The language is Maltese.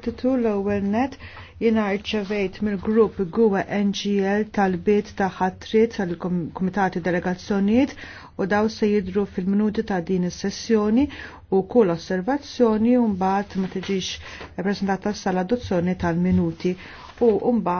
Titu l-ewwel net jiena rċevejt mill-grupp Gwa NGL tal-bit ta' ħatrit tal-Kumitati Delegazzjonijiet u daw se jidru fil-minuti ta' din is-sessjoni u kull osservazzjoni u mbagħad ma tiġix preżentata sal-adozzjoni tal-minuti u mbagħad